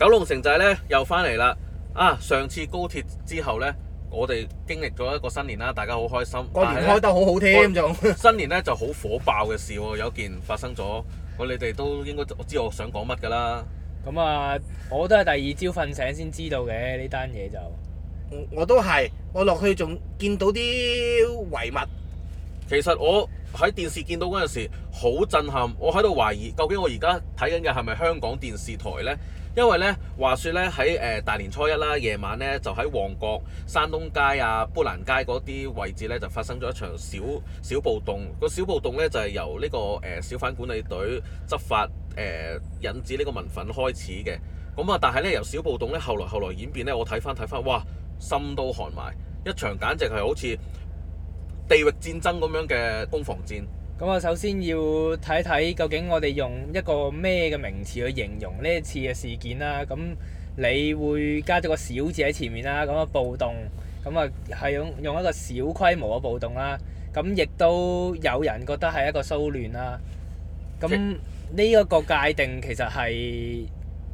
九龍城寨咧又翻嚟啦！啊，上次高鐵之後咧，我哋經歷咗一個新年啦，大家好開心。個年開得好好添，仲新年咧就好火爆嘅事，有件發生咗，我 你哋都應該知我想講乜㗎啦。咁啊，我都係第二朝瞓醒先知道嘅呢單嘢就、嗯。我都係，我落去仲見到啲遺物。其實我喺電視見到嗰陣時好震撼，我喺度懷疑究竟我而家睇緊嘅係咪香港電視台咧？因為呢，話說呢，喺誒大年初一啦，夜晚呢，就喺旺角山東街啊、砵蘭街嗰啲位置呢，就發生咗一場小小暴動。個小暴動呢，就係由呢個誒小販管理隊執法誒、呃、引致呢個民憤開始嘅。咁啊，但係呢，由小暴動呢，後來後來演變呢，我睇翻睇翻，哇，心都寒埋，一場簡直係好似地域戰爭咁樣嘅攻防戰。咁我首先要睇睇，究竟我哋用一個咩嘅名詞去形容呢一次嘅事件啦。咁你會加咗個小字喺前面啦，咁啊，暴動，咁啊，係用用一個小規模嘅暴動啦。咁亦都有人覺得係一個騷亂啦。咁呢一個界定其實係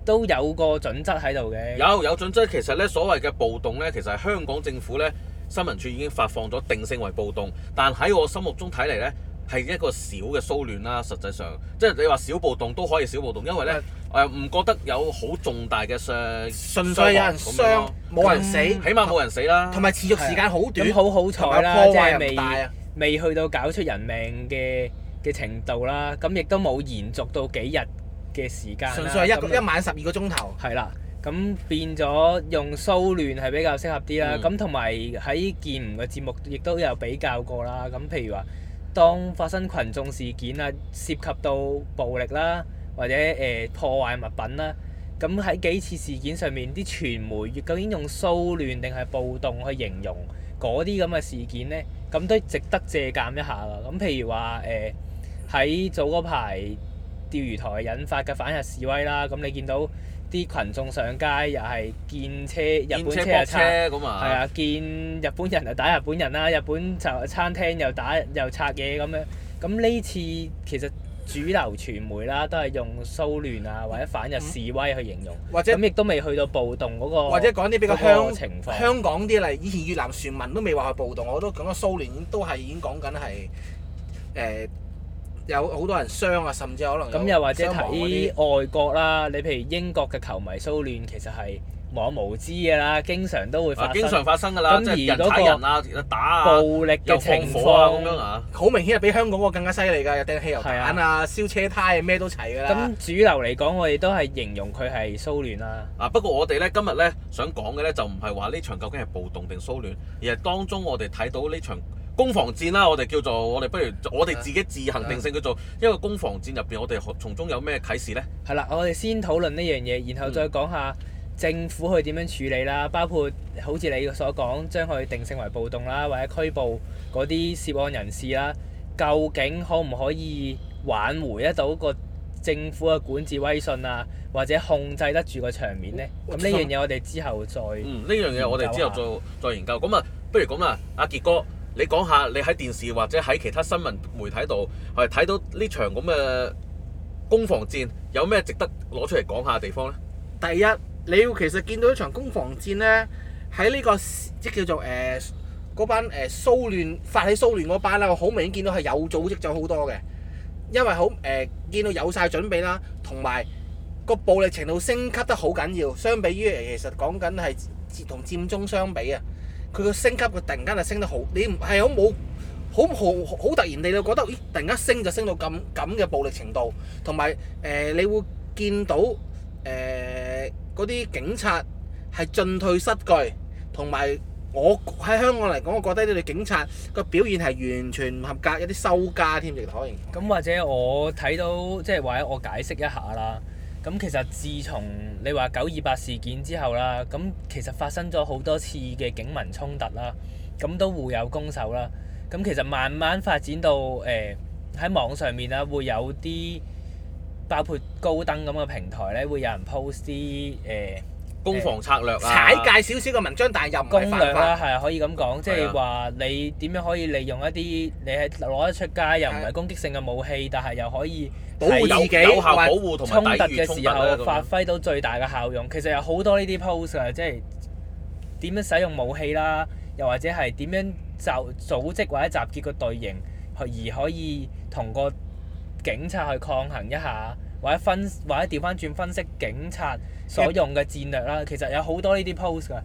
都有個準則喺度嘅。有有準則。其實咧所謂嘅暴動咧，其實香港政府咧新聞處已經發放咗定性為暴動，但喺我心目中睇嚟咧，係一個小嘅騷亂啦，實際上即係你話小暴動都可以，小暴動，因為咧誒唔覺得有好重大嘅傷，純粹有人傷，冇人死，起碼冇人死啦。同埋持續時間好短，好好彩啦，啊、即係未未去到搞出人命嘅嘅程度啦。咁亦都冇延續到幾日嘅時間，純粹係一那一晚十二個鐘頭。係啦、啊，咁、啊、變咗用騷亂係比較適合啲啦。咁同埋喺健吾嘅節目亦都有比較過啦。咁譬如話。當發生群眾事件啊，涉及到暴力啦，或者誒、呃、破壞物品啦，咁喺幾次事件上面，啲傳媒究竟用騷亂定係暴動去形容嗰啲咁嘅事件呢？咁都值得借鑑一下啦。咁譬如話誒，喺、呃、早嗰排釣魚台引發嘅反日示威啦，咁你見到，啲群眾上街又係見車日本車又拆，係啊見日本人就打日本人啦，日本就餐廳又打又拆嘢咁樣。咁呢次其實主流傳媒啦，都係用騷亂啊或者反日示威去形容，嗯、或者咁亦都未去到暴動嗰、那個。或者講啲比較香情況香港啲例，以前越南船民都未話去暴動，我都講緊騷亂都係已經講緊係誒。呃有好多人傷啊，甚至可能有傷亡嗰啲。咁又或者睇外國啦，你譬如英國嘅球迷騷亂，其實係冇咁無知嘅啦，經常都會發生。經常發生㗎啦，即係如人踩人啊，打啊暴力嘅情況咁樣啊。好、啊、明顯係比香港嗰個更加犀利㗎，掟汽油彈啊，啊燒車胎啊，咩都齊㗎啦。咁主流嚟講，我哋都係形容佢係騷亂啦。嗱，不過我哋咧今日咧想講嘅咧就唔係話呢場究竟係暴動定騷亂，而係當中我哋睇到呢場。攻防戰啦，我哋叫做我哋不如我哋自己自行定性叫做一個攻防戰入邊，我哋從中有咩啟示呢？係啦，我哋先討論呢樣嘢，然後再講下政府去點樣處理啦，包括好似你所講將佢定性為暴動啦，或者拘捕嗰啲涉案人士啦，究竟可唔可以挽回得到個政府嘅管治威信啊，或者控制得住個場面呢？咁呢樣嘢我哋之後再呢樣嘢我哋之後再再研究。咁啊，不如咁啊，阿傑哥。你講下你喺電視或者喺其他新聞媒體度係睇到呢場咁嘅攻防戰有咩值得攞出嚟講下嘅地方呢？第一，你要其實見到呢場攻防戰呢，喺呢、這個即叫做誒嗰、呃、班誒、呃、蘇聯發起蘇聯嗰班咧，我好明顯見到係有組織咗好多嘅，因為好誒、呃、見到有晒準備啦，同埋個暴力程度升級得好緊要，相比於其實講緊係同佔中相比啊。佢個升級，佢突然間就升得好，你唔係好冇好好好突然地就覺得，咦！突然間升就升到咁咁嘅暴力程度，同埋誒，你會見到誒嗰啲警察係進退失據，同埋我喺香港嚟講，我覺得呢啲警察個表現係完全唔合格，有啲羞家添，亦都可以。咁或者我睇到，即係或者我解釋一下啦。咁其實自從你話九二八事件之後啦，咁其實發生咗好多次嘅警民衝突啦，咁都互有攻守啦。咁其實慢慢發展到誒喺、欸、網上面啦，會有啲包括高登咁嘅平台咧，會有人 post 啲誒、欸、攻防策略啦、啊，踩界少少嘅文章，但係又攻略啦、啊，係可以咁講，即係話你點樣可以利用一啲你係攞得出街又唔係攻擊性嘅武器，但係又可以，保護自己，或衝突嘅時候發揮到最大嘅效用。其實有好多呢啲 post 嘅，即係點樣使用武器啦，又或者係點樣就組織或者集結個隊形，而可以同個警察去抗衡一下，或者分或者調翻轉分析警察所用嘅戰略啦。其實有好多呢啲 post 㗎。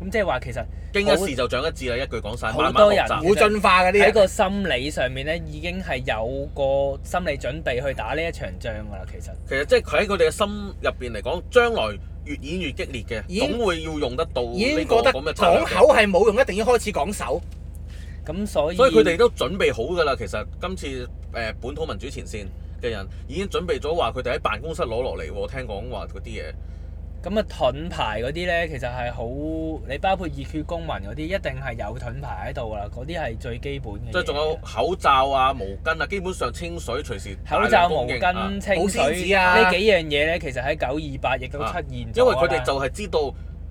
咁即係話其實，經一事就長一智啦，一句講晒，好多人會進化嘅啲喺個心理上面咧，已經係有個心理準備去打呢一場仗㗎啦。其實其實即係佢喺佢哋嘅心入邊嚟講，將來越演越激烈嘅，經總會要用得到呢個咁嘅。已經覺得講口係冇用，一定要開始講手。咁所以所以佢哋都準備好㗎啦。其實今次誒本土民主前線嘅人已經準備咗話，佢哋喺辦公室攞落嚟。我聽講話嗰啲嘢。咁啊，盾牌嗰啲咧，其實係好你包括熱血公民嗰啲，一定係有盾牌喺度啦，嗰啲係最基本嘅。即係仲有口罩啊、毛巾啊，基本上清水隨時、啊。口罩、毛巾、清水。好先啊！呢幾樣嘢咧，其實喺九二八亦都出現、啊啊。因為佢哋就係知道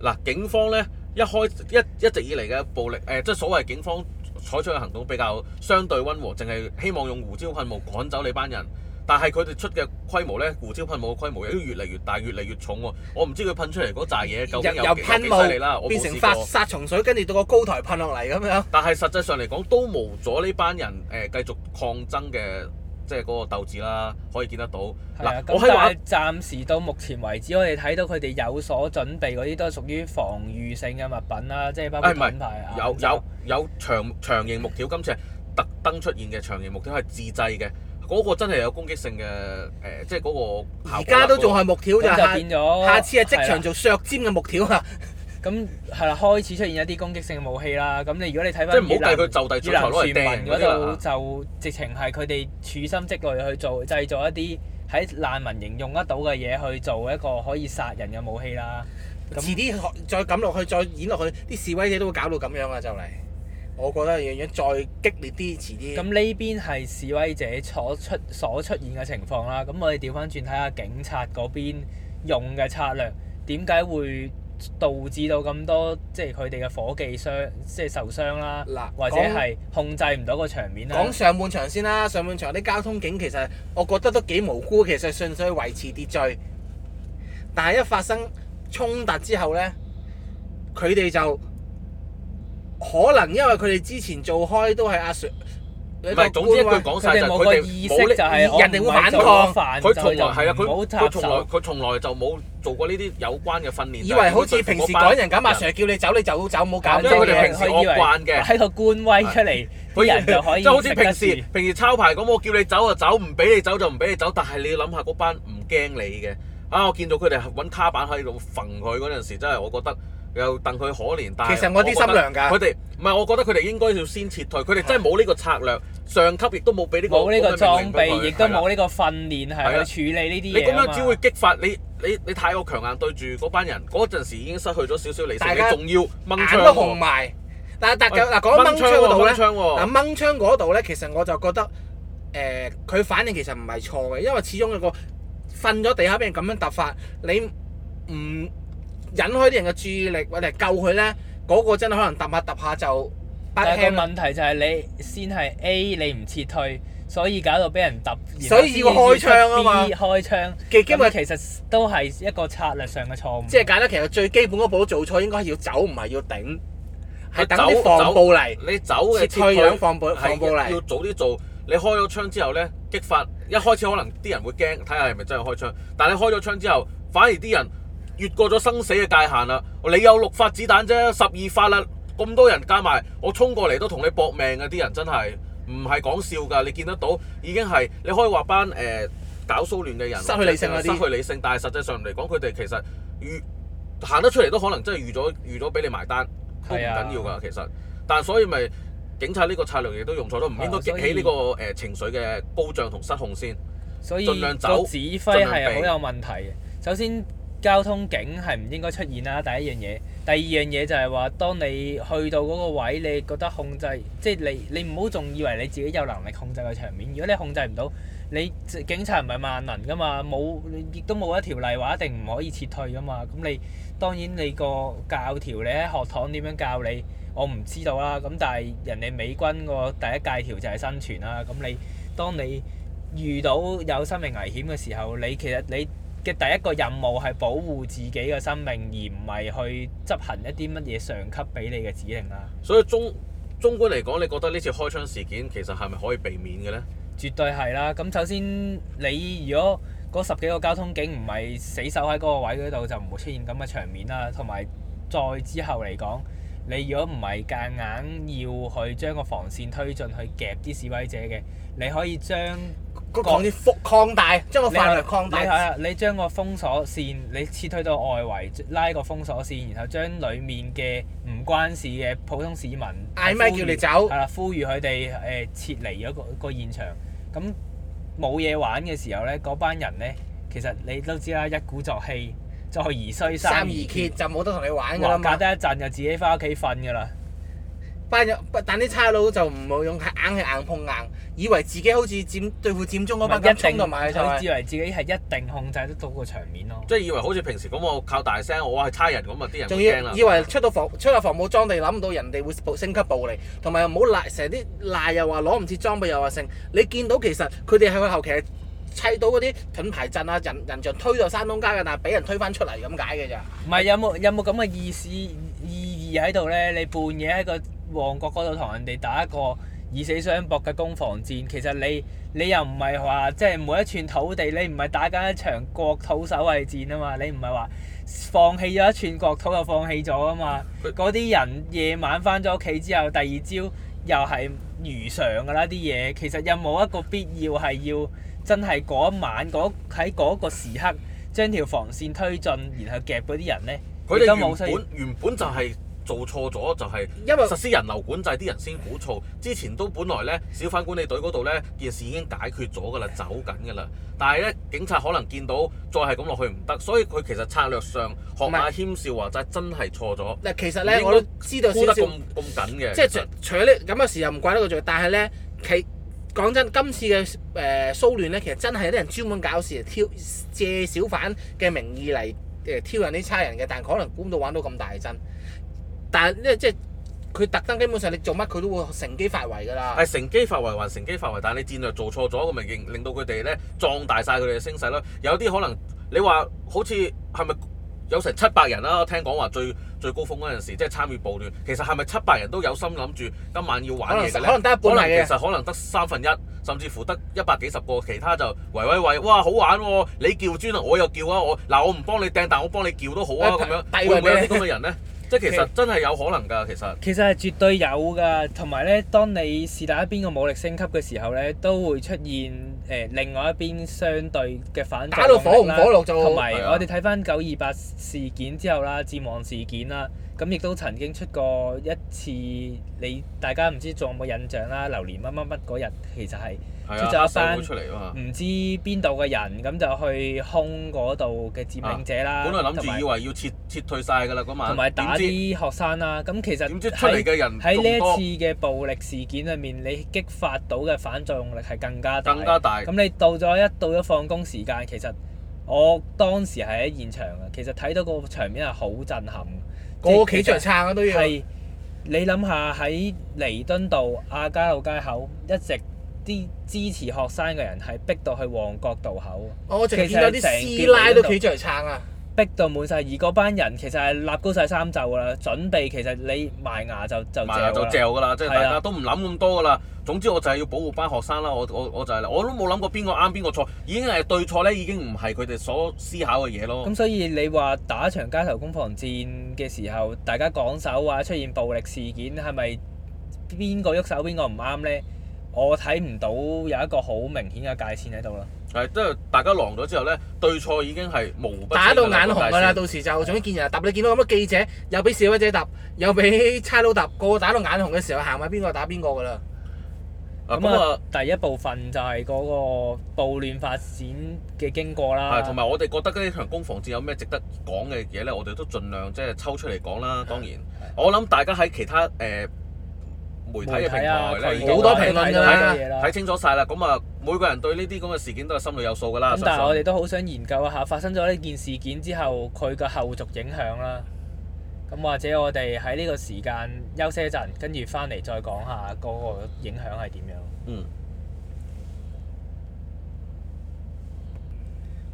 嗱、啊，警方咧一開一一直以嚟嘅暴力，誒、啊，即係所謂警方採取嘅行動比較相對溫和，淨係希望用胡椒噴霧趕走你班人。但係佢哋出嘅規模咧，胡椒噴霧嘅規模有啲越嚟越大，越嚟越重喎。我唔知佢噴出嚟嗰紮嘢究竟有幾犀利啦。變成發殺蟲水，跟住到個高台噴落嚟咁樣。但係實際上嚟講，都冇咗呢班人誒繼續抗爭嘅，即係嗰個鬥志啦，可以見得到。係啊，咁但係暫時到目前為止，我哋睇到佢哋有所準備嗰啲都係屬於防禦性嘅物品啦，即係包括品牌啊。有有有，有長長形木條，今次係特登出現嘅長形木條係自製嘅。嗰個真係有攻擊性嘅誒、呃，即係嗰個。而家都仲係木條就變咗。下次係即場做削尖嘅木條啊！咁係啦，開始出現一啲攻擊性嘅武器啦。咁你如果你睇翻，即係越南，即係唔好計佢就地取材咯。船民嗰度就直情係佢哋處心積慮去做，就、啊、製造一啲喺難民營用得到嘅嘢去做一個可以殺人嘅武器啦。遲啲再撳落去，再演落去，啲示威者都會搞到咁樣啊！就嚟。我覺得樣樣再激烈啲，遲啲。咁呢邊係示威者所出所出現嘅情況啦，咁我哋掉返轉睇下警察嗰邊用嘅策略，點解會導致到咁多即係佢哋嘅夥計傷，即係受傷啦，或者係控制唔到個場面啦。講上半場先啦，上半場啲交通警其實我覺得都幾無辜，其實純粹去維持秩序，但係一發生衝突之後呢，佢哋就～可能因為佢哋之前做開都係阿 Sir，唔係總之佢講晒就，佢哋冇個意識就係，人哋會反抗。佢從來係啊，佢佢從來佢從來就冇做過呢啲有關嘅訓練。以為好似平時趕人咁，阿 Sir 叫你走你就好走，冇搞，因為佢哋平時慣嘅，喺度個官威出嚟，佢的人就可以。即係 好似平時平時抄牌咁，我叫你走就走，唔俾你走就唔俾你走。但係你要諗下嗰班唔驚你嘅啊！我見到佢哋揾卡板喺度揈佢嗰陣時，真係我覺得。又戥佢可憐，但其實我啲心涼㗎。佢哋唔係，我覺得佢哋應該要先撤退，佢哋真係冇呢個策略，上級亦都冇俾呢個冇呢個裝備，亦都冇呢個訓練係去處理呢啲嘢。你咁樣只會激發你你你，你太過強硬對住嗰班人，嗰陣時已經失去咗少少理性。大家、啊、眼都紅埋。嗱嗱就嗱講掹槍嗰度咧，嗱掹槍嗰度咧，啊啊、其實我就覺得誒，佢、呃、反應其實唔係錯嘅，因為始終一個瞓咗地下俾人咁樣突發，你唔。引開啲人嘅注意力，或者救佢咧，嗰個真係可能揼下揼下就。但係個問題就係你先係 A，你唔撤退，所以搞到俾人揼。所以要開槍啊嘛！B 開槍，咁其實都係一個策略上嘅錯誤。即係簡單，其實最基本嗰步都做錯，應該係要走，唔係要頂。係等啲防暴嚟。你走嘅撤退兩防暴防暴嚟。要早啲做。你開咗槍之後咧，激發一開始可能啲人會驚，睇下係咪真係開槍。但係你開咗槍之後，反而啲人。越過咗生死嘅界限啦！你有六發子彈啫，十二發啦、啊，咁多人加埋，我衝過嚟都同你搏命嘅、啊、啲人真係唔係講笑㗎！你見得到已經係你可以話班誒搞騷亂嘅人失去理性嗰啲，失去理性。但係實際上嚟講，佢哋其實越行得出嚟都可能真係預咗預咗俾你埋單，都唔緊要㗎。啊、其實，但所以咪、就是、警察呢個策略亦都用錯咗，唔應該激起呢個誒情緒嘅高漲同失控先。嗯、所以個指揮係好有問題嘅。首先。交通警係唔應該出現啦，第一樣嘢。第二樣嘢就係話，當你去到嗰個位，你覺得控制，即係你你唔好仲以為你自己有能力控制個場面。如果你控制唔到，你警察唔係萬能㗎嘛，冇亦都冇一條例話一定唔可以撤退㗎嘛。咁你當然你個教條，你喺學堂點樣教你，我唔知道啦。咁但係人哋美軍個第一戒條就係生存啦、啊。咁你當你遇到有生命危險嘅時候，你其實你嘅第一個任務係保護自己嘅生命，而唔係去執行一啲乜嘢上級俾你嘅指令啦。所以中中觀嚟講，你覺得呢次開槍事件其實係咪可以避免嘅呢？絕對係啦。咁首先，你如果嗰十幾個交通警唔係死守喺嗰個位嗰度，就唔會出現咁嘅場面啦。同埋再之後嚟講，你如果唔係夾硬要去將個防線推進去夾啲示威者嘅，你可以將，講啲擴大，將個範圍擴大。係啊，你將個封鎖線，你撤退到外圍，拉個封鎖線，然後將裡面嘅唔關事嘅普通市民嗌咪叫你走。係啦，呼籲佢哋誒撤離咗個個現場。咁冇嘢玩嘅時候咧，嗰班人咧，其實你都知啦，一鼓作氣，再而衰，三而竭，就冇得同你玩㗎啦嘛。我諗隔得一陣就自己翻屋企瞓㗎啦。班入，但啲差佬就唔好用硬係硬碰硬，以為自己好似佔對付佔中嗰班人衝就埋去，就以為自己係一定控制得到個場面咯。即係以為好似平時咁我靠大聲，我係差人咁啊，啲人仲要以為出到防出到防冇裝備，諗唔到人哋會升級暴力，同埋又冇賴成啲賴又話攞唔切裝備又話成，你見到其實佢哋係個後期砌到嗰啲盾牌陣啊，人人就推到山東街嘅，但係俾人推翻出嚟咁解嘅咋。唔係有冇，有冇咁嘅意思？有有有有意思？而喺度呢，你半夜喺個旺角嗰度同人哋打一個以死相搏嘅攻防戰，其實你你又唔係話即係每一寸土地，你唔係打緊一場國土守衞戰啊嘛，你唔係話放棄咗一寸國土就放棄咗啊嘛。嗰啲人夜晚翻咗屋企之後，第二朝又係如常㗎啦啲嘢，其實又冇一個必要係要真係嗰一晚喺嗰個時刻將條防線推進，然後夾嗰啲人呢。佢哋原本原本就係、是。做錯咗就係因為實施人流管制猜猜，啲人先估錯。之前都本來咧，小販管理隊嗰度咧件事已經解決咗㗎喇，走緊㗎喇。但係咧，警察可能見到再係咁落去唔得，所以佢其實策略上學阿謙少話齋就真係錯咗。嗱，其實咧，應我都知道得咁少緊嘅，即係是除咗呢咁嘅事又唔怪得佢做，但係咧，其講真，今次嘅誒騷亂咧，其實真係有啲人專門搞事嚟挑借小販嘅名義嚟誒挑釁啲差人嘅，但係可能估唔到玩到咁大陣。但係即係佢特登，基本上你做乜佢都會乘機發圍噶啦。係乘機發圍還乘機發圍，但係你戰略做錯咗，咁咪令，令到佢哋咧壯大晒，佢哋嘅聲勢咯。有啲可能你話好似係咪有成七百人啦、啊？聽講話最最高峰嗰陣時，即係參與暴亂。其實係咪七百人都有心諗住今晚要玩嘢嘅咧？可能可能得一半嘅，其實可能得三分一，甚至乎得一百幾十個，其他就喂喂喂，哇好玩喎、哦！你叫磚，我又叫啊，我嗱我唔幫你掟，但我幫你叫都好啊，咁樣帝人 會唔會有啲咁嘅人呢？ 即係其實真係有可能㗎，其實其實係絕對有㗎。同埋咧，當你是打一邊個武力升級嘅時候咧，都會出現誒、呃、另外一邊相對嘅反。打到火紅火綠就。同埋有是、啊、我哋睇翻九二八事件之後啦，佔旺事件啦，咁亦都曾經出過一次，你大家唔知仲有冇印象啦？榴槤乜乜乜嗰日其實係。出咗一班，唔知邊度嘅人咁就去空嗰度嘅佔領者啦、啊。本來諗住以為要撤撤退晒㗎啦，嗰晚。同埋打啲學生啦，咁知其實喺呢一次嘅暴力事件裏面，你激發到嘅反作用力係更，更加大。更加大。咁你到咗一到咗放工時間，其實我當時係喺現場嘅，其實睇到個場面係好震撼。個企著撐都要。係，你諗下喺彌敦道亞皆老街口一直。啲支持學生嘅人係逼到去旺角渡口。我淨係見到啲師奶都企住嚟撐啊！逼到滿晒。而嗰班人其實係立高晒衫袖啦，準備其實你埋牙就就。就嚼噶啦，即係大家都唔諗咁多噶啦。的總之我就係要保護班學生啦。我我我就係、是、我都冇諗過邊個啱邊個錯，已經係對錯咧，已經唔係佢哋所思考嘅嘢咯。咁所以你話打一場街頭攻防戰嘅時候，大家講手啊，出現暴力事件係咪邊個喐手邊個唔啱咧？我睇唔到有一個好明顯嘅界線喺度咯。係，即係大家狼咗之後咧，對錯已經係無。打到眼紅㗎啦，到時就總之見人揼。的你，見到咁多記者又俾示威者揼，又俾差佬揼，個個打到眼紅嘅時候，行埋邊個打邊個㗎啦。咁啊，嗰個，第一部分就係嗰個暴亂發展嘅經過啦。同埋我哋覺得呢場攻防戰有咩值得講嘅嘢咧，我哋都盡量即係抽出嚟講啦。的當然，的我諗大家喺其他誒。呃媒體睇啊，台咧，好多評論㗎嘛，睇、啊、清楚晒啦。咁啊，每個人對呢啲咁嘅事件都係心裏有數㗎啦。咁次但係我哋都好想研究一下發生咗呢件事件之後，佢嘅後續影響啦。咁或者我哋喺呢個時間休息一陣，跟住翻嚟再講下嗰個影響係點樣？嗯。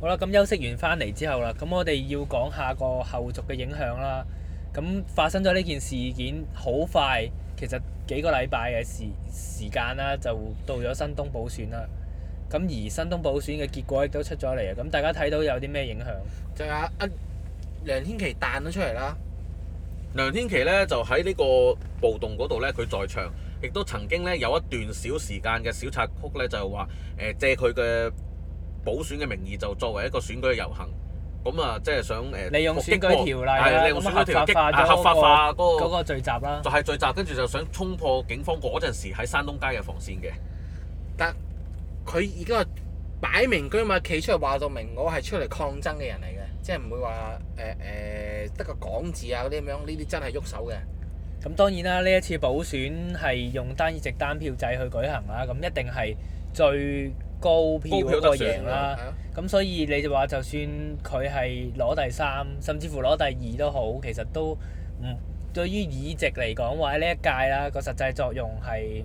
好啦，咁休息完翻嚟之後啦，咁我哋要講下個後續嘅影響啦。咁發生咗呢件事件，好快。其實幾個禮拜嘅時時間啦，就到咗新東補選啦。咁而新東補選嘅結果亦都出咗嚟，咁大家睇到有啲咩影響？就係阿梁天琦彈咗出嚟啦。梁天琦呢，就喺呢個暴動嗰度呢，佢在場，亦都曾經呢有一段小時間嘅小插曲呢，就係話借佢嘅補選嘅名義，就作為一個選舉嘅遊行。咁啊，即係想誒，利用《選舉條例》啦過，合法、啊、化嗰、嗰個嗰個、個聚集啦，就係聚集，跟住就想衝破警方嗰陣時喺山東街嘅防線嘅。但佢而家係擺明居嘛，企出嚟話到明，我係出嚟抗爭嘅人嚟嘅，即係唔會話誒誒得個港字啊嗰啲咁樣，呢啲真係喐手嘅。咁當然啦，呢一次補選係用單議席單票制去舉行啦，咁一定係最高票嗰個贏啦，咁、嗯、所以你就話就算佢係攞第三，嗯、甚至乎攞第二都好，其實都唔、嗯、對於議席嚟講，喎喺呢一屆啦，個實際作用係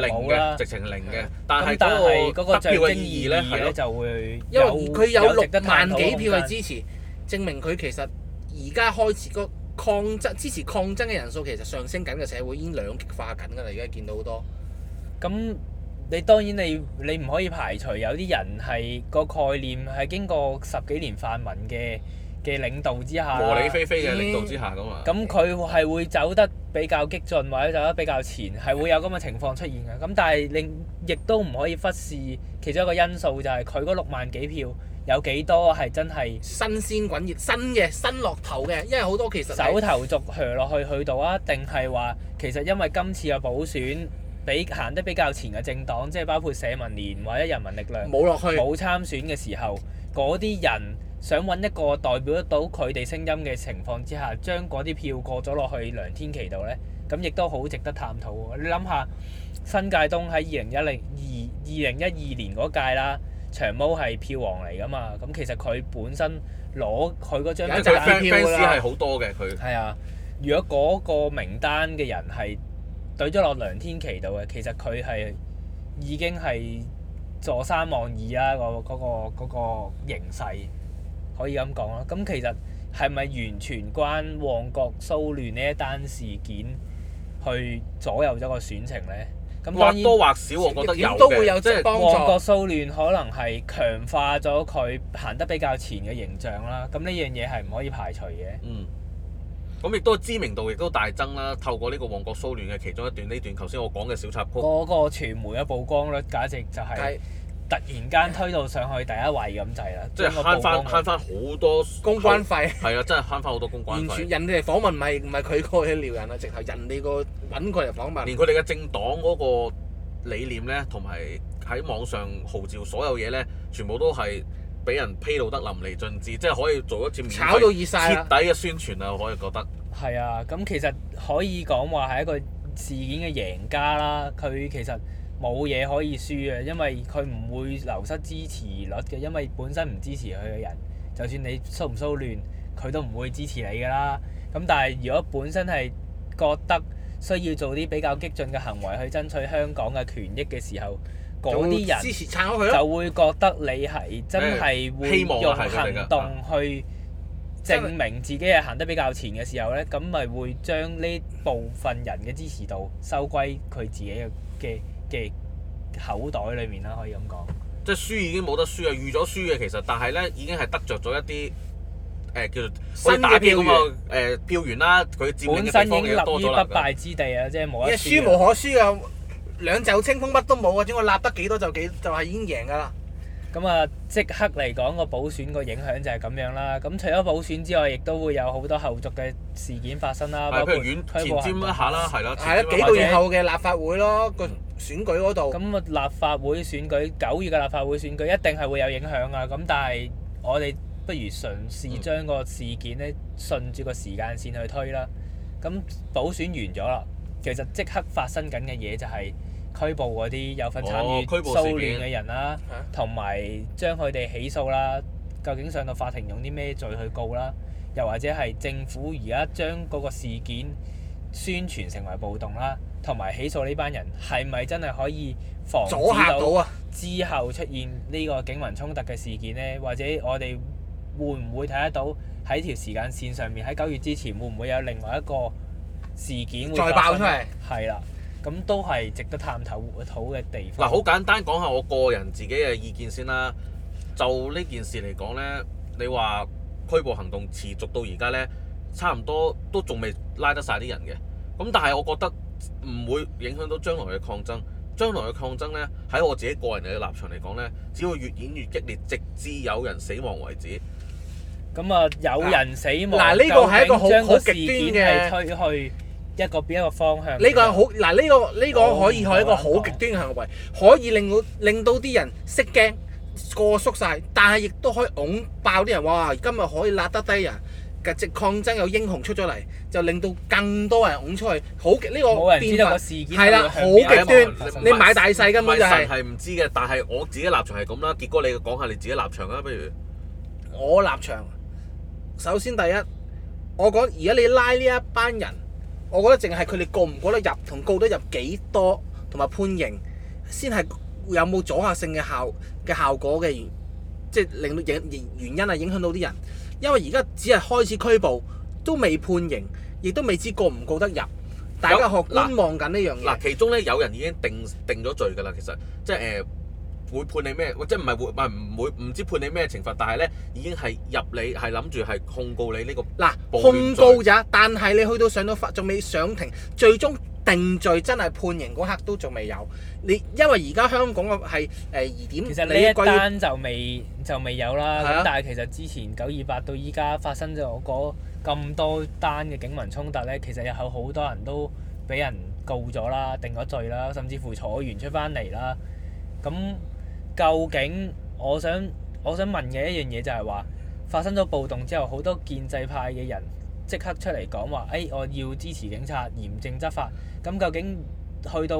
零嘅，直情零嘅。但係嗰個得票嘅意義咧，就會因為佢有六萬幾票嘅支持，證明佢其實而家開始個抗爭、支持抗爭嘅人數，其實上升緊嘅，社會已經兩極化緊㗎啦。而家見到好多。咁、嗯你當然你你唔可以排除有啲人係、個概念係經過十幾年泛民嘅嘅領導之下，和理非非嘅領導之下咁嘛，咁佢係會走得比較激進或者走得比較前，係、嗯、會有咁嘅情況出現嘅。咁但係你亦都唔可以忽視其中一個因素就係佢嗰六萬幾票有幾多係真係新鮮滾熱新嘅新落頭嘅，因為好多其實手頭續落去去到啊，定係話其實因為今次嘅補選。比行得比較前嘅政黨，即係包括社民連或者人民力量冇落去冇參選嘅時候，嗰啲人想揾一個代表得到佢哋聲音嘅情況之下，將嗰啲票過咗落去梁天琦度呢。咁亦都好值得探討。你諗下，新界東喺二零一零二二零一二年嗰屆啦，長毛係票王嚟㗎嘛。咁其實佢本身攞佢嗰張名單票啦，係好多嘅佢。係啊，如果嗰個名單嘅人係。舉咗落梁天琦度嘅，其實佢係已經係坐山望二啦。個個個嗰形勢可以咁講啦。咁其實係咪完全關旺角騷亂呢一單事件去左右咗個選情咧？咁或多或少，我覺得有，都會有即係是幫旺角騷亂可能係強化咗佢行得比較前嘅形象啦。咁呢樣嘢係唔可以排除嘅。嗯。咁亦都知名度亦都大增啦！透過呢個旺角騷亂嘅其中一段，呢段頭先我講嘅小插曲，嗰個傳媒嘅曝光率，簡直就係突然間推到上去第一位咁滯啦！的即係慳返慳返好多公關費，係啊！真係慳返好多公關費。完全人哋訪問唔係唔係佢個去撩人啊，直頭人哋個揾佢嚟訪問。連佢哋嘅政黨嗰個理念咧，同埋喺網上號召所有嘢咧，全部都係。俾人披露得淋漓盡致，即係可以做一啲徹底嘅宣傳啊！我可以覺得係啊，咁其實可以講話係一個事件嘅贏家啦。佢其實冇嘢可以輸嘅，因為佢唔會流失支持率嘅，因為本身唔支持佢嘅人，就算你騷唔騷亂，佢都唔會支持你㗎啦。咁但係如果本身係覺得需要做啲比較激進嘅行為去爭取香港嘅權益嘅時候，嗰啲人就會覺得你係真係會用行動去證明自己係行得比較前嘅時候咧，咁咪會將呢部分人嘅支持度收歸佢自己嘅嘅口袋裏面啦，可以咁講。即係輸已經冇得輸啊，預咗輸嘅其實，但係咧已經係得着咗一啲誒、呃、叫做新嘅票源票源啦。佢本身已經立於不敗之地啊，即係冇一輸。一輸無可輸啊！兩袖清風乜都冇啊！只我立得幾多就幾就係、是、已經贏㗎啦。咁啊，即刻嚟講個補選個影響就係咁樣啦。咁除咗補選之外，亦都會有好多後續嘅事件發生啦。誒，譬如前瞻一下啦，係啦。係啦，幾個月後嘅立法會咯，個、嗯、選舉嗰度。咁啊，立法會選舉九月嘅立法會選舉一定係會有影響啊。咁但係我哋不如嘗試將個事件咧順住個時間線去推啦。咁、嗯、補選完咗啦，其實即刻發生緊嘅嘢就係、是。拘捕嗰啲有份參與騷亂嘅人啦，同埋、啊、將佢哋起訴啦。究竟上到法庭用啲咩罪去告啦，又或者係政府而家將嗰個事件宣傳成為暴動啦，同埋起訴呢班人係咪真係可以防止到之後出現呢個警民衝突嘅事件咧？或者我哋會唔會睇得到喺條時間線上面喺九月之前會唔會有另外一個事件會爆，再爆出嚟？係啦。咁都係值得探討探討嘅地方。嗱，好簡單講下我個人自己嘅意見先啦。就呢件事嚟講呢，你話拘捕行動持續到而家呢，差唔多都仲未拉得晒啲人嘅。咁但係我覺得唔會影響到將來嘅抗爭。將來嘅抗爭呢，喺我自己個人嘅立場嚟講呢，只會越演越激烈，直至有人死亡為止。咁啊，有人死亡嗱，呢就、啊、將個事件係推去。一個變一個方向。呢個好嗱，呢、這個呢、這個可以係一個好極端嘅行為，嗯、可以令到令到啲人識驚過縮晒，但係亦都可以擁爆啲人。哇！今日可以拉得低人，直抗爭有英雄出咗嚟，就令到更多人湧出去。好極呢、這個變咗的個事件係啦，好極的端。有你買大細根本就係係唔知嘅，但係我自己立場係咁啦。結果你講下你自己立場啊？不如我立場首先第一，我講而家你拉呢一班人。我覺得淨係佢哋告唔告得入，同告得入幾多，同埋判刑，先係有冇阻嚇性嘅效嘅效果嘅，即係令到原因啊，影響到啲人。因為而家只係開始拘捕，都未判刑，亦都未知告唔告得入。大家學觀望緊呢樣嘢。嗱，其中咧有人已經定定咗罪㗎啦，其實即係誒。呃會判你咩？即係唔係會唔係唔會唔知判你咩懲罰？但係咧已經係入你係諗住係控告你呢個嗱控告啫，但係你去到上到法仲未上庭，最終定罪真係判刑嗰刻都仲未有你，因為而家香港嘅係疑點，呃、其實你一單就未就未有啦。咁、啊、但係其實之前九二八到依家發生咗嗰咁多單嘅警民衝突咧，其實有好多人都俾人告咗啦，定咗罪啦，甚至乎坐完出翻嚟啦，咁。究竟我想我想問嘅一樣嘢就係話，發生咗暴動之後，好多建制派嘅人即刻出嚟講話，誒、哎、我要支持警察，嚴正執法。咁究竟去到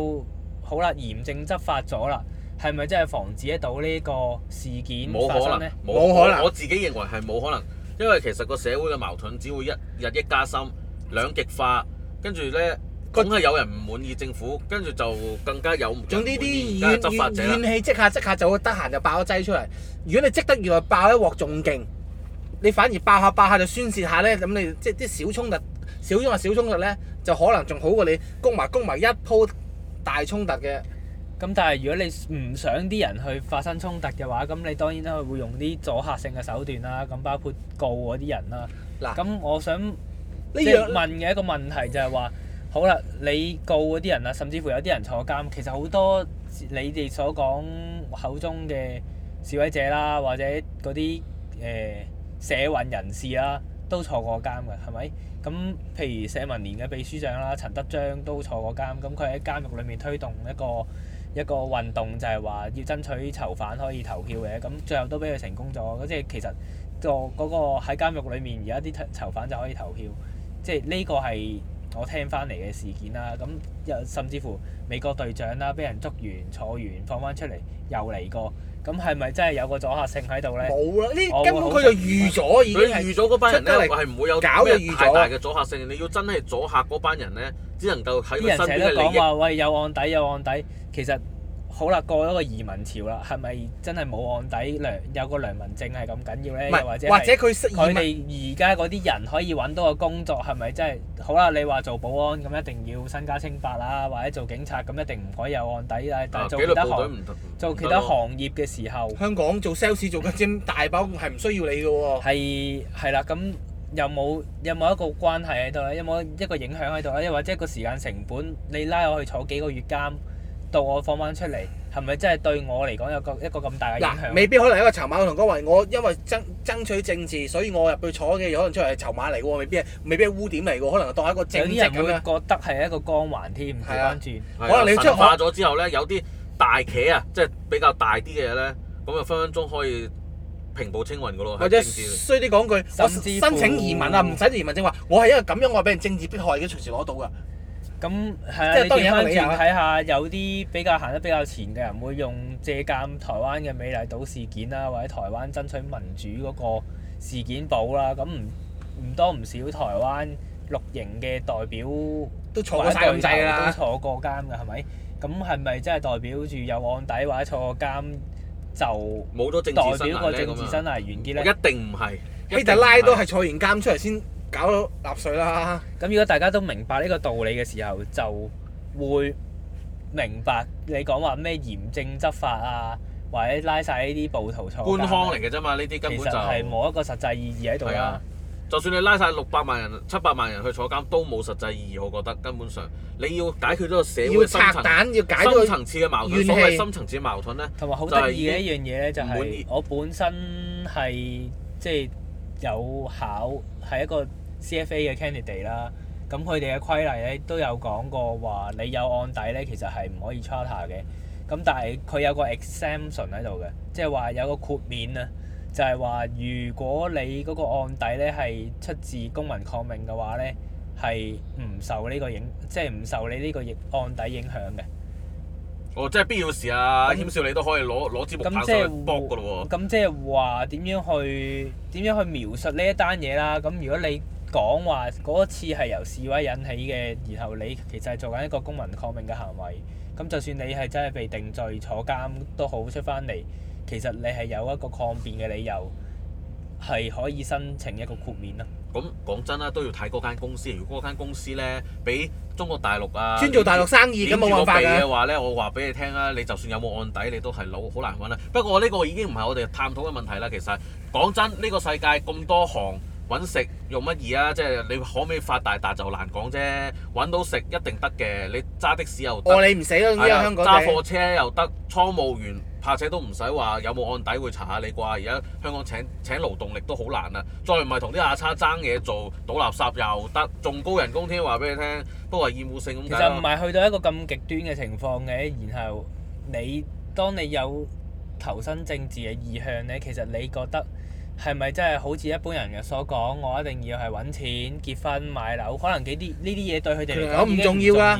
好啦，嚴正執法咗啦，係咪真係防止得到呢個事件？冇可能，冇可能。我自己認為係冇可能，因為其實個社會嘅矛盾只會一日益加深、兩極化，跟住呢。梗係有人唔滿意政府，跟住就更加有用呢啲怨怨怨氣即下即下，就會得閒就爆個劑出嚟。如果你積得越多，爆一鑊仲勁，你反而爆下爆下就宣泄下咧，咁你即係啲小衝突、小衝啊、小衝突咧，就可能仲好過你攻埋攻埋一鋪大衝突嘅。咁但係如果你唔想啲人去發生衝突嘅話，咁你當然都會用啲阻嚇性嘅手段啦。咁包括告嗰啲人啦。嗱，咁我想即係問嘅一個問題就係話。好啦，你告嗰啲人啊，甚至乎有啲人坐監，其實好多你哋所講口中嘅示威者啦，或者嗰啲誒社運人士啦，都坐過監嘅，係咪？咁譬如社民連嘅秘書長啦，陳德章都坐過監，咁佢喺監獄裏面推動一個一個運動，就係話要爭取囚犯可以投票嘅，咁最後都俾佢成功咗，即係其實、嗰個嗰、嗰個喺監獄裏面，而家啲囚囚犯就可以投票，即係呢個係。我聽翻嚟嘅事件啦，咁甚至乎美國隊長啦，俾人捉完坐完放翻出嚟又嚟過，咁係咪真係有個阻嚇性喺度咧？冇啦、啊，呢根本佢就預咗已經。預咗嗰班人，因為係唔會有咩太大嘅阻嚇性。你要真係阻嚇嗰班人咧，只能夠喺個新嘅利益。啲人成日都講話，喂有案底有案底，其實。好啦，過咗個移民潮啦，係咪真係冇案底良有個良民證係咁緊要咧？又或者佢佢哋而家嗰啲人可以揾到個工作，係咪真係好啦？你話做保安咁一定要身家清白啦，或者做警察咁一定唔可以有案底啦。但係做其他行做其他行業嘅時候、啊，香港做 sales 做緊啲大包，係唔需要你嘅喎、哦。係係啦，咁有冇有冇一個關係喺度咧？有冇一個影響喺度咧？又或者個時間成本，你拉我去坐幾個月監？到我放翻出嚟，係咪真係對我嚟講有個一個咁大嘅影響？未必，可能一個籌碼同光環，我因為爭爭取政治，所以我入去坐嘅嘢可能出嚟係籌碼嚟嘅喎，未必係未必係污點嚟嘅喎，可能當係一個政績，有啲人覺得係一個光環添，可能你出化咗之後咧，我有啲大企啊，即係比較大啲嘅嘢咧，咁就分分鐘可以平步青雲嘅咯。或者衰啲講句，我之申請移民啊，唔使移民，正話，我係因為咁樣我係俾人政治迫害嘅，隨時攞到㗎。咁係啊！你見翻睇下，有啲比較行得比較前嘅人會用借鑑台灣嘅美麗島事件啦，或者台灣爭取民主嗰個事件簿啦。咁唔唔多唔少台灣綠營嘅代表都坐過監啦，都坐過監㗎係咪？咁係咪真係代表住有案底或者坐過監就代表個政治生涯完結咧？一定唔係，希特拉都係坐完監出嚟先。搞到納稅啦！咁如果大家都明白呢個道理嘅時候，就會明白你講話咩嚴正執法啊，或者拉晒呢啲暴徒官腔嚟嘅啫嘛！呢啲根本就係、是、冇一個實際意義喺度啦。就算你拉晒六百萬人、七百萬人去坐監，都冇實際意義。我覺得根本上你要解決咗個社會深層、要要解決深層次嘅矛盾。氣所謂深層次矛盾咧，有有就係呢一樣嘢咧，就係我本身係即係有考，係一個。CFA 嘅 candidate 啦，咁佢哋嘅規例咧都有講過話，你有案底咧其實係唔可以 charter 嘅。咁但係佢有個 exemption 喺度嘅，即係話有個豁免啊，就係話如果你嗰個案底咧係出自公民抗命嘅話咧，係唔受呢個影，即係唔受你呢個案底影響嘅。哦，即係必要時啊，險少你都可以攞攞支木牌去搏㗎咯。咁即係話點樣去點樣去描述呢一單嘢啦？咁如果你講話嗰次係由示威引起嘅，然後你其實係做緊一個公民抗命嘅行為。咁就算你係真係被定罪坐監都好，出翻嚟，其實你係有一個抗辯嘅理由，係可以申請一個豁免咯啊。咁講真啦，都要睇嗰間公司。如果嗰間公司咧，俾中國大陸啊，專做大陸生意咁冇辦法嘅話咧，我話俾你聽啦，你就算有冇案底，你都係好難揾啦。不過呢個已經唔係我哋探討嘅問題啦。其實講真，呢個世界咁多行。揾食用乜嘢啊？即係你可唔可以發大？大就難講啫。揾到食一定得嘅。你揸的士又，得、哦，餓你唔死對香港揸貨車又得，倉務員、泊車都唔使話有冇案底會查下你啩？而家香港請請勞動力都好難啊！再唔係同啲阿差爭嘢做，倒垃圾又得，仲高人工。添、啊，話俾你聽，不過係厭惡性。其實唔係去到一個咁極端嘅情況嘅，然後你當你有投身政治嘅意向咧，其實你覺得？係咪真係好似一般人嘅所講？我一定要係揾錢、結婚、買樓，可能幾啲呢啲嘢對佢哋嚟講唔重要啊。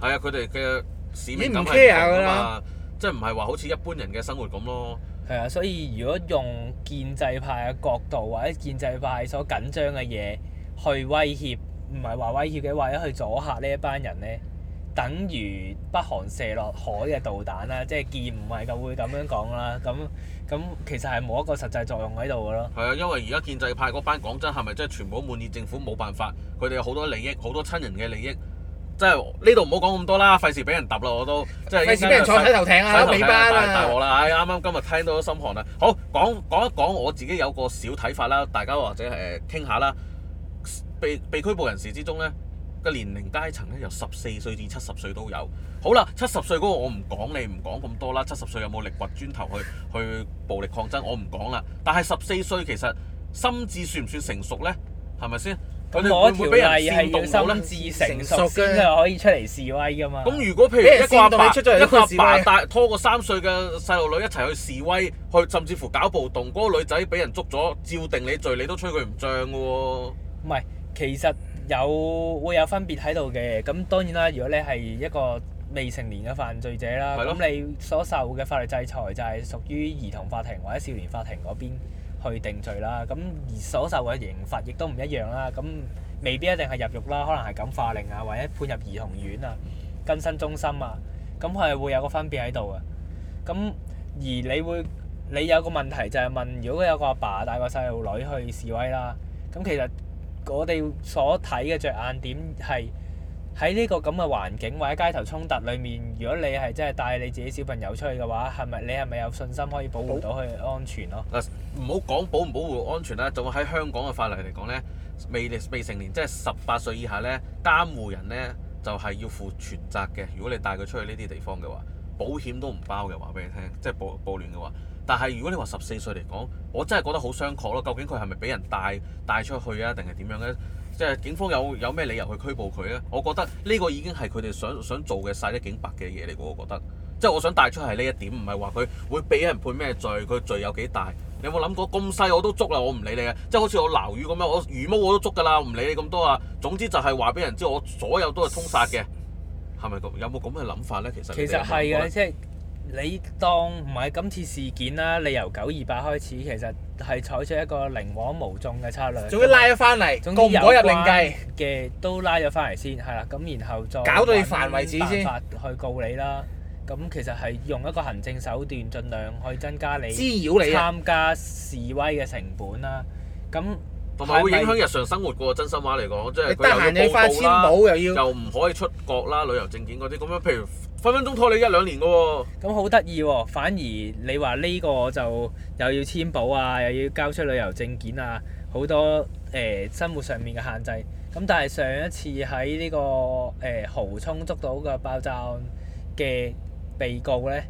係啊，佢哋嘅使命感係唔同噶嘛，即係唔係話好似一般人嘅生活咁咯？係啊，所以如果用建制派嘅角度或者建制派所緊張嘅嘢去威脅，唔係話威脅嘅，為咗去阻嚇呢一班人咧，等於北韓射落海嘅導彈啦，即係劍唔係咁會咁樣講啦，咁。咁其實係冇一個實際作用喺度㗎咯。係啊，因為而家建制派嗰班講真，係咪真係全部滿意政府冇辦法？佢哋有好多利益，好多親人嘅利益。即係呢度唔好講咁多啦，費事俾人揼啦我都。費事俾人坐洗頭艇啊，甩尾巴啊！大鑊啦！唉，啱啱、哎、今日聽到心寒啊！好，講講一講我自己有個小睇法啦，大家或者係傾下啦。被被拘捕人士之中咧。個年齡階層咧，由十四歲至七十歲都有。好啦，七十歲嗰個我唔講，你唔講咁多啦。七十歲有冇力掘磚頭去去暴力抗爭，我唔講啦。但係十四歲其實心智算唔算成熟呢？係咪先？佢哋會唔會俾人煽動好咧？心智成熟先係可以出嚟示威噶嘛？咁如果譬如一個阿爸一個阿爸拖個三歲嘅細路女一齊去示威，去甚至乎搞暴動，嗰個女仔俾人捉咗，照定你罪，你都吹佢唔脹噶喎。唔係，其實。有會有分別喺度嘅，咁當然啦。如果你係一個未成年嘅犯罪者啦，咁的你所受嘅法律制裁就係屬於兒童法庭或者少年法庭嗰邊去定罪啦。咁而所受嘅刑罰亦都唔一樣啦。咁未必一定係入獄啦，可能係感化令啊，或者判入兒童院啊、更新中心啊。咁佢係會有個分別喺度嘅。咁而你會，你有個問題就係問：如果有個阿爸，爸帶個細路女去示威啦，咁其實？我哋所睇嘅着眼點係喺呢個咁嘅環境或者街頭衝突裏面，如果你係真係帶你自己小朋友出去嘅話，係咪你係咪有信心可以保護到佢安全咯？唔好講保唔保，保護安全啦，仲喺香港嘅法例嚟講呢，未未成年即係十八歲以下呢，監護人呢就係要負全責嘅。如果你帶佢出去呢啲地方嘅話，保險都唔包嘅，話俾你聽，即係暴暴亂嘅話。但係如果你話十四歲嚟講，我真係覺得好傷確咯。究竟佢係咪俾人帶帶出去啊，定係點樣呢？即係警方有有咩理由去拘捕佢呢？我覺得呢個已經係佢哋想想做嘅晒得警白嘅嘢嚟。我覺得即係我想帶出係呢一點，唔係話佢會俾人判咩罪，佢罪有幾大？你有冇諗過咁細我都捉啦，我唔理你啊！即係好似我撈魚咁樣，我魚毛我都捉㗎啦，唔理你咁多啊。總之就係話俾人知，我所有都係通殺嘅。係咪？有冇咁嘅諗法呢？其實有有其實係你當唔係今次事件啦，你由九二八開始，其實係採取一個寧枉毋縱嘅策略，仲要拉咗翻嚟，共嗰入另計嘅都拉咗翻嚟先，係啦得了，咁然後再搞到你煩為止先，去告你啦。咁其實係用一個行政手段，盡量去增加你滋擾你參加示威嘅成本啦。咁同埋會影響日常生活噶喎，真心話嚟講，即係你得閒你花千寶又要，要又唔要可以出國啦，旅遊證件嗰啲咁樣，譬如。分分鐘拖你一兩年嘅喎，咁好得意喎！反而你話呢個就又要簽保啊，又要交出旅遊證件啊，好多誒、呃、生活上面嘅限制。咁但係上一次喺呢、這個誒蠔涌捉到嘅爆炸案嘅被告咧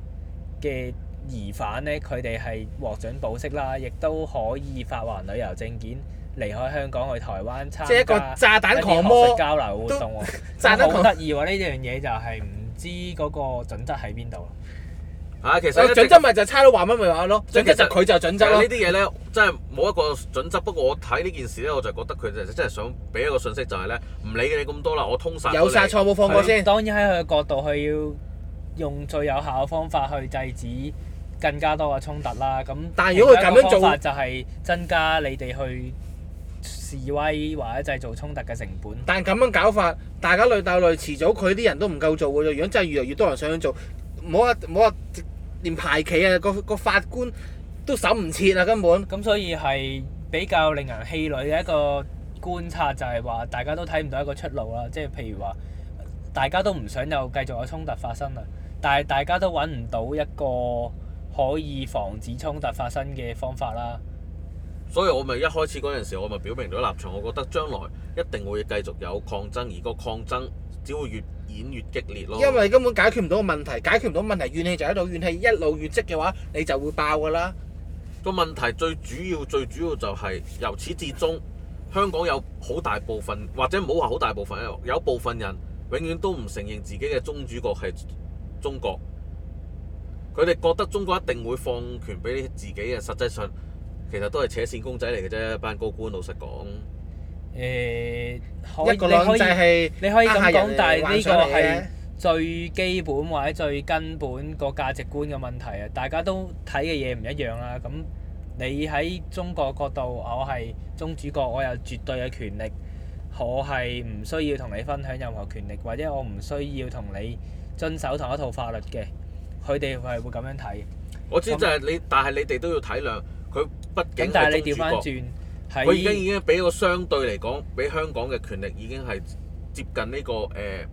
嘅疑犯咧，佢哋係獲准保釋啦，亦都可以發還旅遊證件離開香港去台灣參加一個交流活動喎。好得意喎！呢樣嘢就係唔～知嗰個準則喺邊度啊？嚇，其實準則咪就差佬話乜咪話咯，準則就佢就是準則咯。呢啲嘢咧，真係冇一個準則。不過我睇呢件事咧，我就覺得佢哋真係想俾一個信息，就係咧唔理你咁多啦，我通殺有殺錯冇放過先。啊、當然喺佢嘅角度去要用最有效嘅方法去制止更加多嘅衝突啦。咁但係如果佢咁樣做，就係增加你哋去。示威或者製造衝突嘅成本，但咁樣搞法，大家累鬥累，遲早佢啲人都唔夠做嘅。如果真係越嚟越多人想做，唔好話唔好話，連排期啊，個個法官都審唔切啊，根本。咁所以係比較令人氣餒嘅一個觀察，就係話大家都睇唔到一個出路啦。即係譬如話，大家都唔想有繼續有衝突發生啊，但係大家都揾唔到一個可以防止衝突發生嘅方法啦。所以我咪一開始嗰陣時，我咪表明咗立場，我覺得將來一定會繼續有抗爭，而個抗爭只會越演越激烈咯。因為根本解決唔到問題，解決唔到問題怨氣就喺度，怨氣一路越積嘅話，你就會爆噶啦。個問題最主要、最主要就係、是、由始至終香港有好大部分，或者冇話好大部分，有一部分人永遠都唔承認自己嘅宗主國係中國，佢哋覺得中國一定會放權俾自己嘅，實際上。其實都係扯線公仔嚟嘅啫，班高官。老實講，誒、欸，可以，你可以，你可以咁講，但係呢個係最基本或者最根本個價值觀嘅問題啊！大家都睇嘅嘢唔一樣啦。咁你喺中國角度，我係宗主國，我有絕對嘅權力，我係唔需要同你分享任何權力，或者我唔需要同你遵守同一套法律嘅。佢哋係會咁樣睇。我知就係你，但，你，但係你哋都要體諒。佢畢竟但係你調翻轉，佢已經已經俾個相對嚟講，俾香港嘅權力已經係接近呢個誒、呃，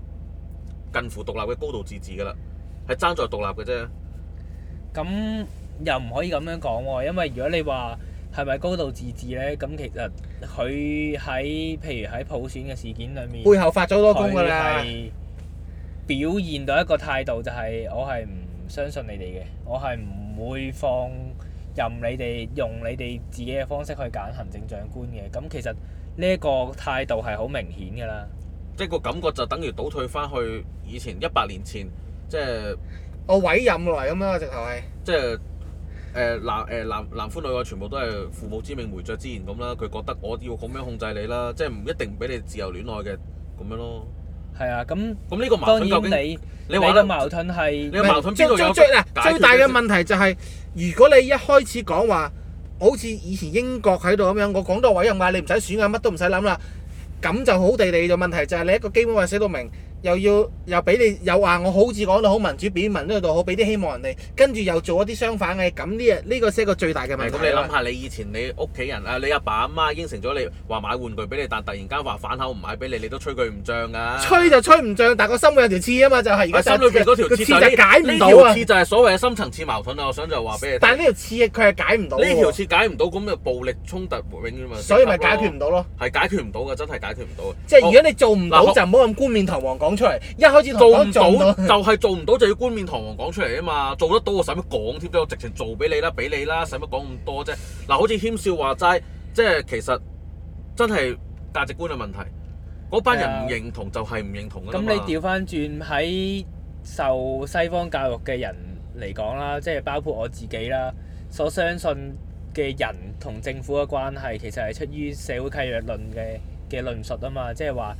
近乎獨立嘅高度自治㗎啦，係爭在獨立嘅啫。咁又唔可以咁樣講喎，因為如果你話係咪高度自治咧，咁其實佢喺譬如喺普選嘅事件裏面，背後發咗好多功㗎啦。表現到一個態度就係、是、我係唔相信你哋嘅，我係唔會放任你哋用你哋自己嘅方式去揀行政長官嘅，咁其實呢一個態度係好明顯㗎啦。即係個感覺就等於倒退翻去以前一百年前，即係我委任落嚟咁啦，直頭係。即係誒男誒男男歡女愛，全部都係父母之命媒妁之言咁啦。佢覺得我要咁樣控制你啦，即係唔一定唔俾你自由戀愛嘅咁樣咯。係啊，咁、嗯、當然你你個矛盾係是最最最最大嘅問題就係、是，如果你一開始講話好似以前英國喺度咁樣，我講多位又話，你唔使選啊，乜都唔使諗啦，咁就好地地。嘅問題就係、是、你一個基本話寫到明。又要又俾你又話我好似講到好民主表民呢度好，俾啲希望人哋，跟住又做一啲相反嘅，咁呢呢個先係個最大嘅問題。咁你諗下，你以前你屋企人啊，你阿爸阿媽，媽應承咗你話買玩具俾你，但突然間話反口唔買俾你，你都吹佢唔漲噶。吹就吹唔漲，但係個心裏有條刺啊嘛，就係、而家。係心裏邊嗰條、啊、條刺就係解唔到啊！就係所謂嘅深層次矛盾啊！我想就話俾你。但係呢條刺佢係解唔到。呢條刺解唔到，咁就暴力衝突永遠所以咪解決唔到咯。係解決唔到嘅，真係解決唔到。好即係如果你做唔到，好就唔好咁冠冕堂皇講。出嚟，一開始做唔到，到就係做唔到 就要冠冕堂皇講出嚟啊嘛！做得到，我使乜講添？我直情做俾你啦，俾你啦，使乜講咁多啫？嗱、啊，好似謙少話齋，即係其實真係價值觀嘅問題，嗰班人唔認同就係唔認同咁、嗯、你調翻轉喺受西方教育嘅人嚟講啦，即係包括我自己啦，所相信嘅人同政府嘅關係，其實係出於社會契約論嘅嘅論述啊嘛，即係話。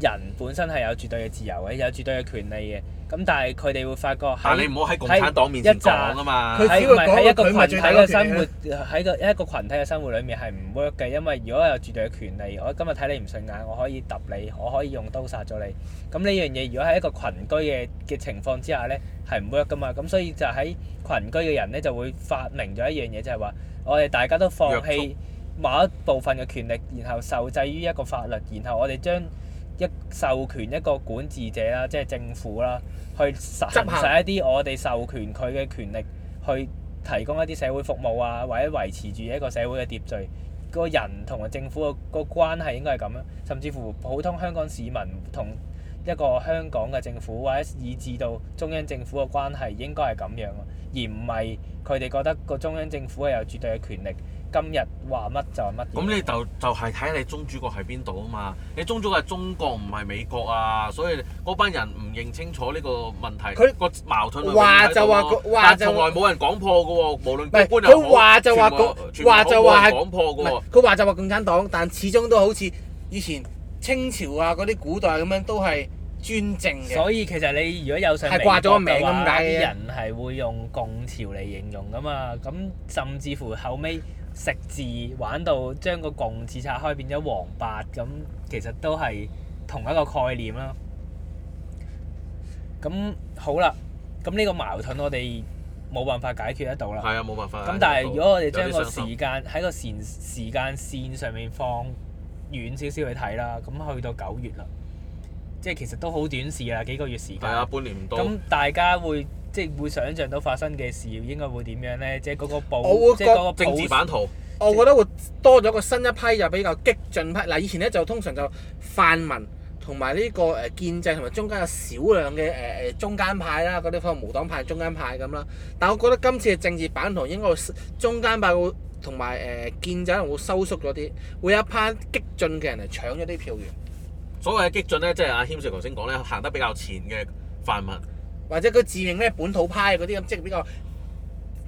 人本身係有絕對嘅自由嘅，有絕對嘅權利嘅。咁但係佢哋會發覺，但你唔好喺共產黨面前講啊嘛！佢唔係喺一個群體嘅生活，喺個一個群體嘅生活裏面係唔 work 嘅，因為如果有絕對嘅權利，我今日睇你唔順眼，我可以揼你，我可以用刀殺咗你。咁呢樣嘢如果喺一個群居嘅嘅情況之下咧，係唔 work 㗎嘛？咁所以就喺群居嘅人咧就會發明咗一樣嘢，就係話我哋大家都放棄某一部分嘅權力，然後受制於一個法律，然後我哋將一授權一個管治者啦，即係政府啦，去行使一啲我哋授權佢嘅權力，去提供一啲社會服務啊，或者維持住一個社會嘅秩序。個人同埋政府嘅個關係應該係咁樣，甚至乎普通香港市民同一個香港嘅政府，或者以至到中央政府嘅關係應該係咁樣。而唔係佢哋覺得個中央政府係有絕對嘅權力。今日話乜就係乜。咁、嗯、你就就係、是、睇你宗主國喺邊度啊嘛！你宗主國係中國唔係美國啊，所以嗰班人唔認清楚呢個問題，佢個矛盾不不。話就話個話就，但從來冇人講破嘅喎，無論佢話就話個話就話講破嘅佢話就話共產黨，但始終都好似以前清朝啊嗰啲古代咁樣都係專政。嘅。所以其實你如果有想係掛咗個名咁解，啲人係會用共朝嚟形容嘅嘛。咁甚至乎後尾。食字玩到將個共字拆開變咗王八，咁其實都係同一個概念啦。咁好啦，咁呢個矛盾我哋冇辦法解決得到啦。係啊，冇辦法。咁但係如果我哋將個時間喺個時時間線上面放遠少少去睇啦，咁去到九月啦，即係其實都好短時啦，幾個月時間。係啊，半年唔多。咁大家會。即係會想象到發生嘅事業應該會點樣咧？即係嗰個報，即嗰個政治版圖。即我覺得會多咗個新一批就比較激進派嗱，以前咧就通常就泛民同埋呢個誒建制同埋中間有少量嘅誒誒中間派啦，嗰啲可能無黨派中間派咁啦。但係我覺得今次嘅政治版圖應該會中間派會同埋誒建制可能會收縮咗啲，會有一批激進嘅人嚟搶咗啲票源。所謂嘅激進咧，即係阿謙 Sir 頭先講咧，行得比較前嘅泛民。或者佢自認咩本土派嗰啲咁，即係比較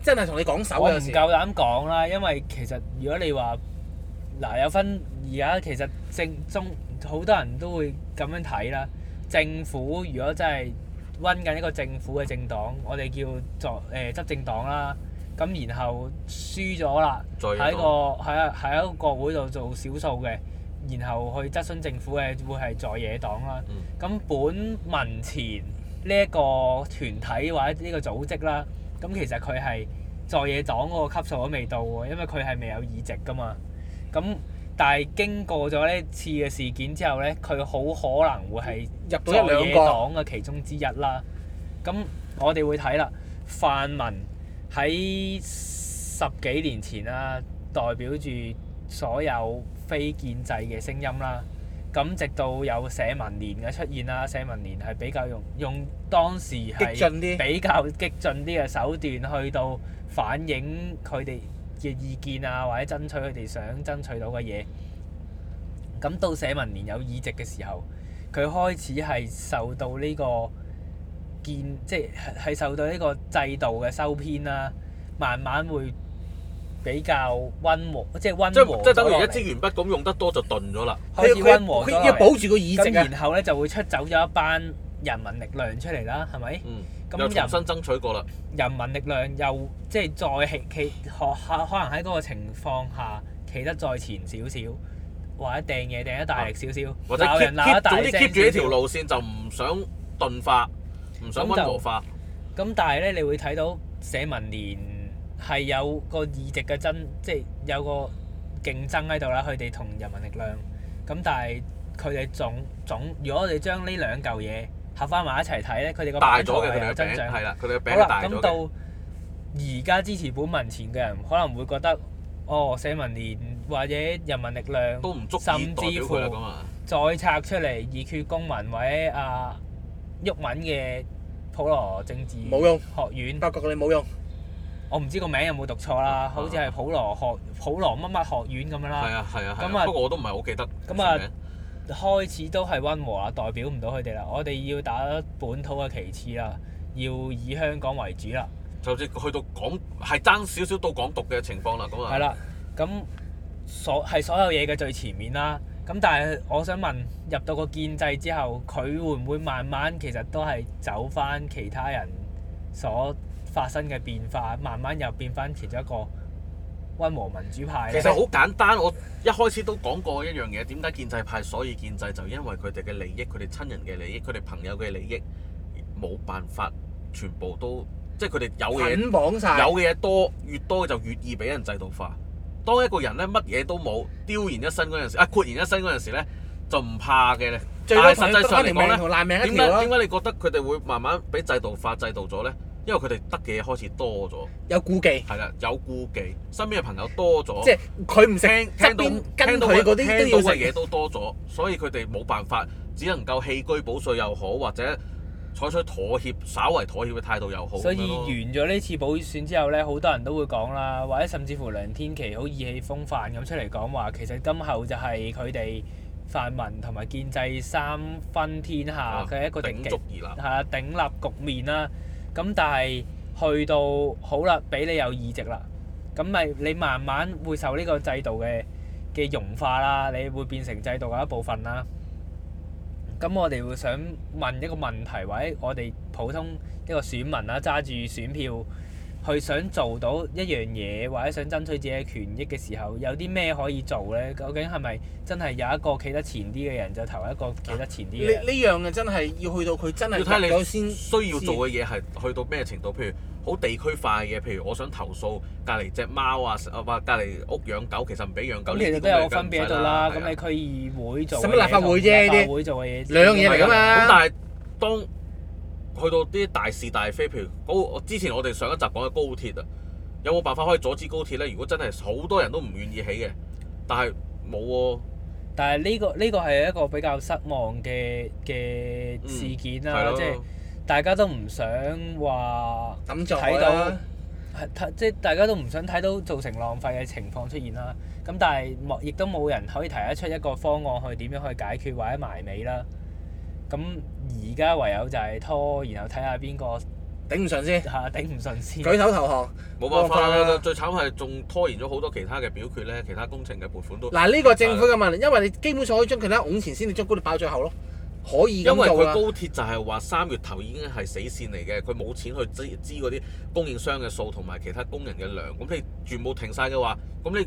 真係同你講手嗰陣時，唔夠膽講啦。因為其實如果你話嗱有分而家其實正中好多人都會咁樣睇啦。政府如果真係溫緊一個政府嘅政黨，我哋叫作誒、呃、執政黨啦。咁然後輸咗啦，喺個喺喺一個國會度做少數嘅，然後去質詢政府嘅會係在野黨啦。咁、嗯、本民前。呢一個團體或者呢個組織啦，咁其實佢係在野黨嗰個級數都未到喎，因為佢係未有議席㗎嘛。咁但係經過咗呢次嘅事件之後呢，佢好可能會係入咗野黨嘅其中之一啦。咁我哋會睇啦，泛民喺十幾年前啦，代表住所有非建制嘅聲音啦。咁直到有社民連嘅出現啦，社民連係比較用用當時係比較激進啲嘅手段去到反映佢哋嘅意見啊，或者爭取佢哋想爭取到嘅嘢。咁到社民連有議席嘅時候，佢開始係受到呢個建，即係係受到呢個制度嘅收編啦，慢慢會。比較溫和，即係溫和。即即等於一支鉛筆咁，用得多就鈍咗啦。開始溫和咗，要保住個意志，然後咧就會出走咗一班人民力量出嚟啦，係咪？咁又重新爭取過啦。人民力量又即係再企企，可可可能喺嗰個情況下企得再前少少，或者掟嘢掟得大力少少，啊、或者 keep 住、啊、呢條路線，就唔想鈍化，唔想溫和化。咁但係咧，你會睇到社民連。係有個議席嘅爭，即係有個競爭喺度啦。佢哋同人民力量，咁但係佢哋總總，如果我哋將呢兩嚿嘢合翻埋一齊睇咧，佢哋個平台嘅增長係啦，佢哋嘅餅，好吧餅大咗。咁到而家支持本民前嘅人可能會覺得，哦，社民連或者人民力量都唔足以代表甚至乎再拆出嚟熱血公民或者啊毓民嘅普羅政治冇用。」學院，不過佢哋冇用。我唔知個名有冇讀錯啦，啊、好似係普羅學普羅乜乜學院咁樣啦。係啊係啊係。啊，啊咁啊不過我都唔係好記得。咁啊，開始都係溫和啊，代表唔到佢哋啦。我哋要打本土嘅旗幟啦，要以香港為主啦。就算去到港係爭少少到港獨嘅情況啦，咁啊。係啦，咁所係所有嘢嘅最前面啦。咁但係我想問，入到個建制之後，佢會唔會慢慢其實都係走返其他人所？發生嘅變化，慢慢又變翻其中一個温和民主派。其實好簡單，我一開始都講過一樣嘢。點解建制派所以建制？就因為佢哋嘅利益、佢哋親人嘅利益、佢哋朋友嘅利益冇辦法全部都，即係佢哋有嘢捆綁曬，有嘢多越多就越易俾人制度化。當一個人咧乜嘢都冇，丟然一身嗰陣時啊，豁然一身嗰陣時咧就唔怕嘅。最多但係實際上嚟講咧，點解點解你覺得佢哋會慢慢俾制度化、制度咗呢？因為佢哋得嘅嘢開始多咗，有顧忌係啦，有顧忌，身邊嘅朋友多咗，即係佢唔聽側邊，聽到嗰啲都要嘅嘢都多咗，所以佢哋冇辦法，只能夠棄車保帥又好，或者採取妥協、稍為妥協嘅態度又好。所以完咗呢次補選之後咧，好多人都會講啦，或者甚至乎梁天琦好意氣風發咁出嚟講話，其實今後就係佢哋泛民同埋建制三分天下嘅一個鼎足而立係啊，鼎立局面啦。咁但係去到好啦，俾你有議席啦，咁咪你慢慢會受呢個制度嘅嘅融化啦，你會變成制度嘅一部分啦。咁我哋會想問一個問題，或者我哋普通一個選民啦，揸住選票。佢想做到一樣嘢，或者想爭取自己權益嘅時候，有啲咩可以做咧？究竟係咪真係有一個企得前啲嘅人就投一個企得前啲嘅人？呢呢樣啊，樣真係要去到佢真係要睇你先需要做嘅嘢係去到咩程度？譬如好地區化嘅，譬如我想投訴隔離隻貓啊，或隔離屋養狗，其實唔俾養狗。咁其實都有個分別喺度啦。咁的你區議會做，咁立法會啫？啲兩些樣嘢嚟㗎嘛。咁、啊、但係當去到啲大是大非，譬如之前我哋上一集講嘅高鐵啊，有冇辦法可以阻止高鐵呢？如果真係好多人都唔願意起嘅，但係冇喎。但係呢個呢個係一個比較失望嘅嘅事件啦，嗯、即係大家都唔想話睇、啊、到，即係大家都唔想睇到造成浪費嘅情況出現啦。咁但係莫亦都冇人可以提得出一個方案去點樣去解決或者埋尾啦。咁。而家唯有就係拖，然後睇下邊個頂唔順先。啊，頂唔順先。舉手投降，冇辦法啦！啊，最慘係仲拖延咗好多其他嘅表決咧，其他工程嘅撥款都嗱，呢個政府嘅問題，因為你基本上可以將其他五年前先，你將嗰度爆最後咯，可以咁做啦。因為佢高鐵就係話三月頭已經係死線嚟嘅，佢冇錢去支支嗰啲供應商嘅數同埋其他工人嘅糧。咁你全部停晒嘅話，咁你。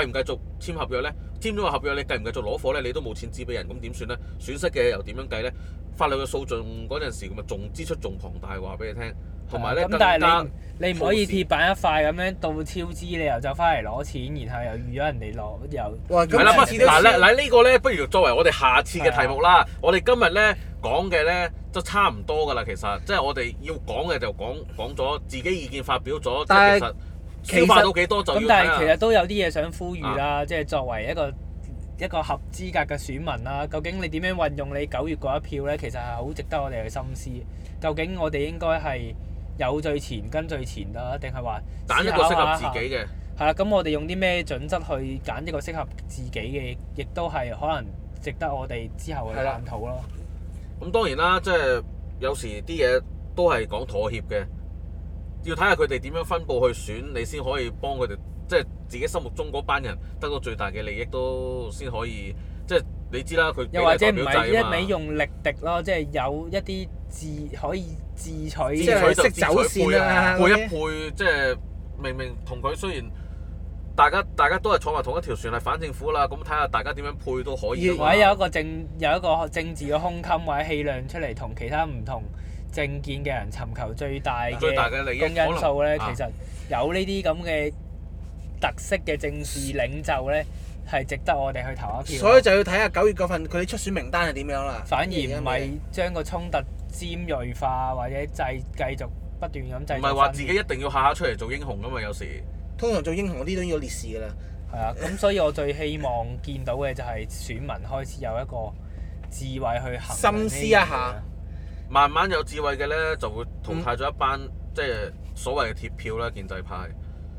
繼唔繼續簽合約咧？簽咗個合約，你繼唔繼續攞貨咧？你都冇錢支俾人，咁點算咧？損失嘅又點樣計咧？法律嘅訴訟嗰陣時，咁啊，仲支出仲龐大，話俾你聽。同埋咧，咁、嗯、更加 但係你素質 你唔可以鐵板一塊咁樣到超支，你又走翻嚟攞錢，然後又預咗人哋攞又。哇！係啦嗱嗱嗱，啊這個、呢個咧，不如作為我哋下次嘅題目啦。的我哋今日咧講嘅咧就差唔多噶啦，其實即係我哋要講嘅就講講咗自己意見，發表咗。但係其實咁，但係其實都有啲嘢想呼籲啦，啊、即係作為一個一個合資格嘅選民啦，究竟你點樣運用你九月嗰一票咧？其實係好值得我哋去深思。究竟我哋應該係有最前跟最前啦，定係話揀一個適合自己嘅？係啦，咁、嗯、我哋用啲咩準則去揀一個適合自己嘅，亦都係可能值得我哋之後去探討咯。咁、嗯、當然啦，即係有時啲嘢都係講妥協嘅。要睇下佢哋點樣分佈去選，你先可以幫佢哋，即係自己心目中嗰班人得到最大嘅利益都先可以。即係你知啦，佢又或者唔係一味用力敵咯，即係有一啲自可以自取。即係佢識走線啦、啊，配一配，okay. 即係明明同佢雖然大家大家都係坐埋同一條船，係反政府啦，咁睇下大家點樣配都可以。或者有一個政有一個政治嘅胸襟或者氣量出嚟，同其他唔同。政見嘅人尋求最大嘅公因素咧，啊、其實有呢啲咁嘅特色嘅政治領袖咧，係、啊、值得我哋去投一票。所以就要睇下九月嗰份佢哋出選名單係點樣啦。反而唔係將個衝突尖鋭化或者繼繼續不斷咁。唔係話自己一定要下下出嚟做英雄噶嘛？有時通常做英雄啲都要烈士噶啦。係啊，咁、啊、所以我最希望見到嘅就係選民開始有一個智慧去行。深思一下。慢慢有智慧嘅咧，就會淘汰咗一班即係所謂嘅鐵票啦，建制派。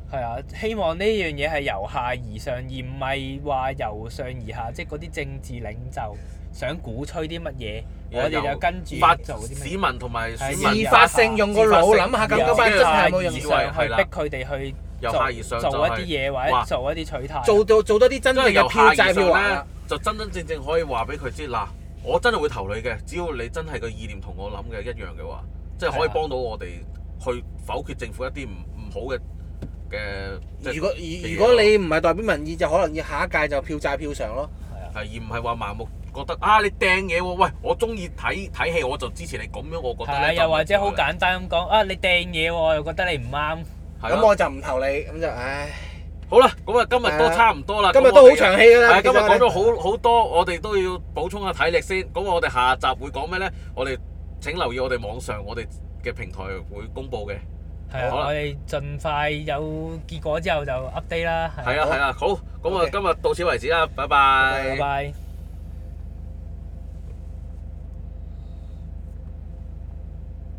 係啊，希望呢樣嘢係由下而上，而唔係話由上而下，即係嗰啲政治領袖想鼓吹啲乜嘢，由 我哋就跟住做市民同埋。市民自發性用個腦諗下，咁嗰班執派有冇上去逼佢哋去做做一啲嘢，或者做一啲取態，做到做多啲真正嘅票債票咧，說就真真正正可以話俾佢知嗱。我真係會投你嘅，只要你真係個意念同我諗嘅一樣嘅話，即係可以幫到我哋去否決政府一啲唔唔好嘅嘅。如果如果你唔係代表民意，就可能要下一屆就票債票償咯。係啊。而唔係話盲目覺得啊，你掟嘢喎？喂，我中意睇睇戲，我就支持你咁樣我你、啊啊你啊。我覺得係啊，又或者好簡單咁講啊，你掟嘢喎，又覺得你唔啱。係。咁我就唔投你，咁就唉。好啦，咁啊今日都差唔多啦，今日都好長氣啦，係今日講咗好好多，我哋都要補充下體力先。咁我哋下集會講咩咧？我哋請留意我哋網上我哋嘅平台會公布嘅。係啊的，好了，我哋盡快有結果之後就 update 啦。係啊係啊，好，咁啊今日到此為止啦，Okay. 拜，拜，拜拜。拜拜。